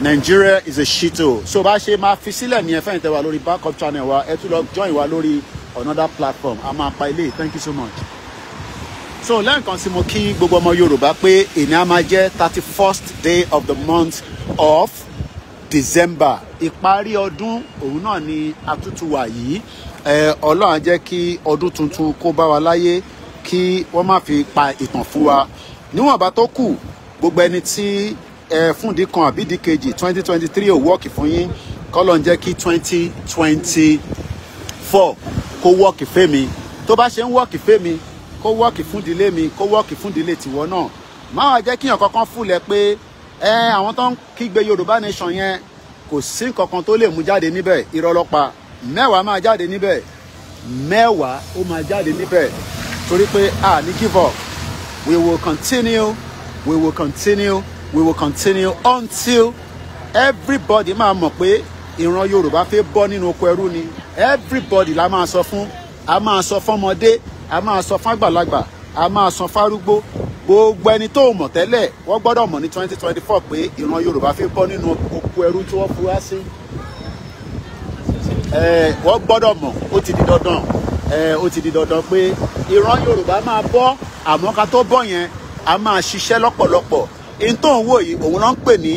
Nigeria is a shito. so bá ṣe máa fi sílẹ̀ ní ẹ̀fẹ́ ìtẹ̀wá lórí backup channel wa ẹ tún lọ join wa lórí another platform a máa pa ilé thank you so much. so lẹ́ẹ̀kan sí mo kí gbogbo ọmọ Yorùbá pé èmi á máa jẹ́ thirty first day of the month of December ìparí ọdún òun náà ni àtútù wà yìí Ọlọ́run á jẹ́ kí ọdún tuntun kó bá wa láyé kí wọ́n má fi pa ìtàn fún wa níwọ̀nba tó kù gbogbo ẹni tí fúndì kan àbí di twenty twenty three ò wọ́ọ̀kì fún yín kọ́lọ̀ ń jẹ́ kí twenty twenty four kó wọ́ọ̀kì fẹ́mi tó bá ṣe ń wọ́ọ̀kì fẹ́mi kó wọ́ọ̀kì fúndìlé mi kó wọ́ọ̀kì fúndìlé tiwọ́ náà máa jẹ́ kíyàn kankan fúlẹ̀ pé ẹ àwọn tó ń kígbe Yorùbá nation yẹn kò sí kankan tó lè mú jáde níbẹ̀ ìrọlọ́pa mẹ́wàá máa jáde níbẹ̀ mẹ́wàá ó máa jáde níbẹ̀ torí pé a ní give up we will continue we will continue we will continue until everybody máa mọ̀ pé ìran yorùbá fẹ́ bọ́ nínú oko ẹrú ni everybody la máa sọ fún a máa sọ fọmọdé a máa sọ fágbàlagbà a máa sọ fárúgbó gbogbo ẹni tó mọ̀ tẹ́lẹ̀ wọ́n gbọ́dọ̀ mọ̀ ní twenty twenty four pé ìran yorùbá fẹ́ bọ́ nínú oko ẹrú tí wọ́n fura sí wọ́n gbọ́dọ̀ mọ̀ ó ti di dandan ó ti di dandan pé ìran yorùbá máa bọ́ àmọ́ ká tó bọ́ yẹn a máa ṣiṣẹ́ lọ́pọ̀lọpọ̀ in tó ń wò yìí òun náà ń pè ní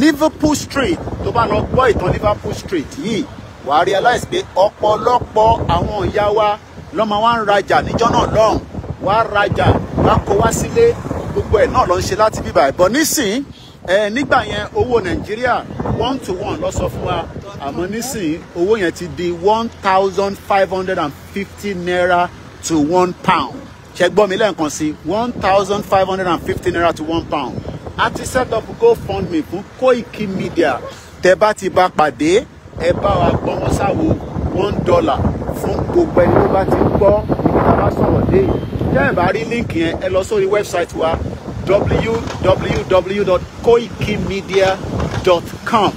Liverpool Street tó bá lọ gbọ́ ìtàn Liverpool Street yìí wà á realize pé ọ̀pọ̀lọpọ̀ àwọn ìyá wa lọ́mọ wa ń rajà níjọ́ náà lọ́hùn wá rajà wá kó wá sílé gbogbo ẹ̀ náà ló ń ṣe láti bíbà ẹ̀ bọ̀ nísìn ẹ nígbà yẹn owó Nàìjíríà one to one lọ sọ fún wa àmọ́ nísìn owó yẹn ti di one thousand five hundred and fifty naira to one pound ṣe gbọ́ mi lẹ́ẹ̀kan sí one thousand five hundred and fifty naira to one pound a ti set up GoFundMe fún Koiki Media tẹ bá ti bá pàdé ẹ bá wa gbọ́ wọn sáwo one dollar fún gbogbo ẹni tó bá ti gbọ́ ibi tá a bá sọ̀rọ̀ dé yìí tẹ́ ẹ̀ bá rí líǹkì yẹn ẹ lọ sórí wẹ́bsáìtì wa www.koikimedia.com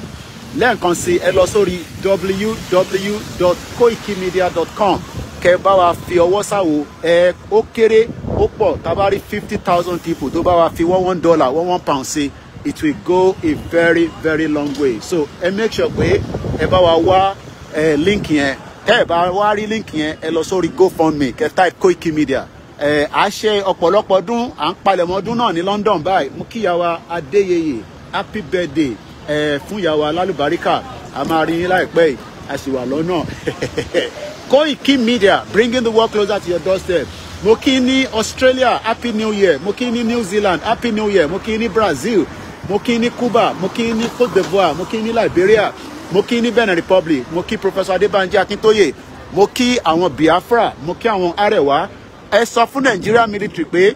lẹ́ẹ̀kan sí ẹ lọ sórí www.koikimedia.com kẹ́ bá wa fi ọwọ́ sàwò ẹ ó kéré ó pọ̀ tá a bá rí fifty thousand people tó bá wa fi one one dollar one one pound ṣe it will go a very very long way so ẹ make sure pé ẹ bá wa wá ẹ link yẹn tẹ́ ẹ bá wá rí link yẹn ẹ lọ sórí gofundme kẹ́ type Koiki Media ẹ à ṣe ọ̀pọ̀lọpọ̀ ọdún à ń palẹ̀mọ́ ọdún náà ní London báyìí mú kí yàwá Adéyẹyẹ happy birthday ẹ fún yàwá Lálùbáríkà a máa rí yín láìpẹ́ yìí a sì wà lọ́nà Koi Kim Media bringing the world closer to your doorstep Mokini Australia happy new year Mokini New Zealand happy new year Mokini Brazil Mokini Cuba Mokini kí ní Cote d'Ivoire mo Liberia Mokini Benin Republic mo Professor Adébánjí Akíntóyè mo kí àwọn Biafra mo kí àwọn Arẹwà ẹ sọ fún Nigeria military pé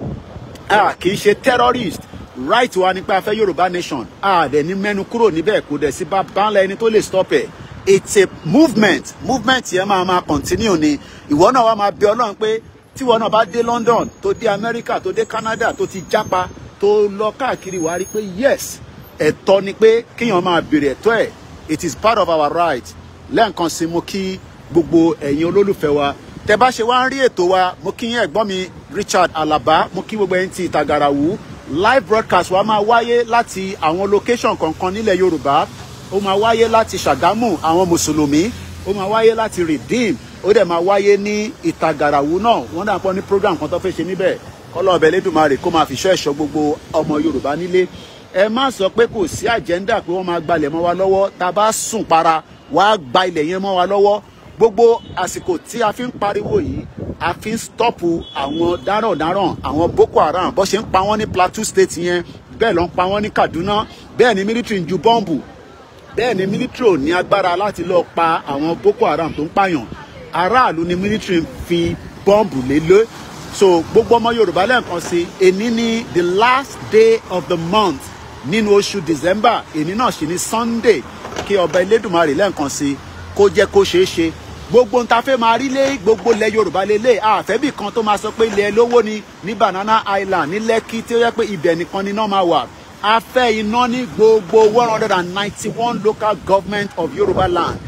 a kì í ṣe terrorist right wa nípa afẹ́ Yorùbá nation a dẹ̀ ní mẹ́nu kúrò níbẹ̀ kò dẹ̀ sí bá bá ńlá ẹni tó lè stop ẹ̀ it's a movement movement yẹn máa máa continue ni ìwọ náà wá máa bí ọlọ́run pé tíwọ náà bá dé London tó dé America tó dé Canada tó ti jápa tó lọ káàkiri wàá rí pé yes ẹ̀tọ́ ni pé kíyàn máa béèrè ẹ̀tọ́ ẹ̀ it is part of our right lẹ́ẹ̀kan sí mo kí gbogbo ẹ̀yin olólùfẹ́ wa tẹ bá ṣe wá ń rí ètò wa mo kí yín ẹ̀gbọ́n mi Richard Alaba mo kí gbogbo ẹ̀yin ti Ìtàgàràwú live broadcast wa máa wáyé láti àwọn location kọ̀ọ̀kan nílẹ̀ Yorùbá ó máa wáyé láti ṣàgámù àwọn mùsùlùmí ó máa wáyé láti redeem ó dẹ̀ máa wáyé ní ìtagàràwú náà wọ́n dà pọ̀ ní program kan tó fẹ́ ṣe níbẹ̀ kọ́lọ́ọ̀bẹ lẹ́dùnmarè kó máa fi ṣọ́ ẹ̀ṣọ́ gbogbo ọmọ yorùbá nílé ẹ má sọ pé kò sí àjẹ́ńdà pé wọ́n máa gbalẹ̀ mọ́ wa lọ́wọ́ tá a bá sùn para wàá gba ilẹ̀ yẹn mọ́ wa lọ́wọ́ gbogbo àsìkò tí a fi ń pariwo yìí a fi ń stọ́pù àwọn dáràndáràn àwọn boko haram bó ṣe ń pa wọ́n ní plateau state yẹn bẹ́ẹ̀ ló pa wọ́n ní kaduna bẹ́ẹ̀ ni military ń ju bọ́ǹbù bẹ́ẹ̀ ni mílítírì ò ní agbára láti lọ pa àwọn Boko Haram tó ń pààyàn aráàlú ni mílítírì fi bọ́ǹbù lé so gbogbo ọmọ Yorùbá lẹ́ẹ̀kan sí èní ni the last day of the month nínú oṣù December èní náà sì ni Sunday kí ọba Elédùmarè lẹ́ẹ̀kan sí kó jẹ́ kó ṣeé ṣe gbogbo nta fẹ́ máa rí lé gbogbo ilẹ̀ Yorùbá lélẹ̀ àfẹ́bì kan tó máa sọ pé ilẹ̀ lówó ni ní Banana Island ní Lẹ́kì tí ó yẹ pé ibẹ̀ nìkan ni náà máa wà a fẹ́ iná ní gbogbo one hundred and ninety one local government of Yoruba land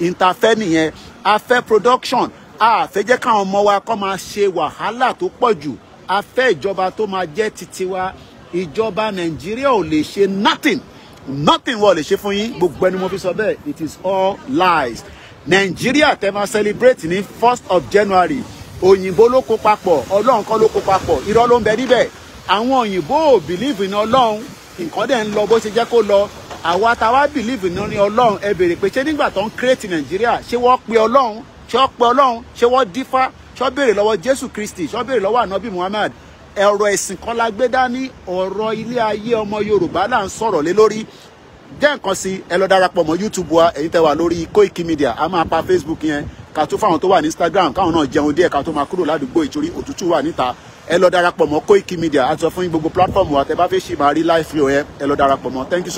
ìtafẹ́ nìyẹn a fẹ́ production a fẹ́ jẹ́ káwọn ọmọ wa kọ́ máa ṣe wàhálà tó pọ̀ jù a fẹ́ ìjọba tó máa jẹ́ titi wa ìjọba Nàìjíríà ò lè ṣe nothing nothing wọ́n lè ṣe fún yín gbogbo ẹni mo fi sọ bẹ́ẹ̀ it is all lies Nàìjíríà tẹ́ máa celebrate ní first of January òyìnbó ló kó papọ̀ ọlọ́run kọ́ ló kó papọ̀ irọ́ ló ń bẹ níbẹ̀ àwọn òyìnbó ò believe in ọlọ́run nǹkan dẹ̀ ń lọ bó ṣe jẹ́ kó lọ àwa tá a wá bìlíìfù ní ọlọ́run ẹ béèrè pé ṣé nígbà tó ń kírètì nàìjíríà ṣé wọ́n pe ọlọ́run ṣé wọ́n pe ọlọ́run ṣé wọ́n dífá ṣé wọ́n béèrè lọ́wọ́ jésù kristi ṣé wọ́n béèrè lọ́wọ́ ànábì muhammad ọ̀rọ̀ ẹ̀sìn kan la gbé dání ọ̀rọ̀ ilé ayé ọmọ yorùbá là ń sọ̀rọ̀ lé lórí jẹ́ nǹkan sí ẹ lọ darapọ̀ mọ́ youtube wa ẹ̀yin tẹ́ wà lórí Koiki Media a máa pa facebook yẹn ká fáwọn tó wà ní instagram káwọn náà jẹun díẹ̀ ká tó máa kúrò ládùúgbò ìtorí òtútù wà níta ẹ lọ darapọ̀ mọ́ Koiki Media àti sọ fún gbogbo platform wa tẹ bá fẹ́ ṣì máa rí live free ẹ ẹ lọ darapọ̀ mọ́ thank you so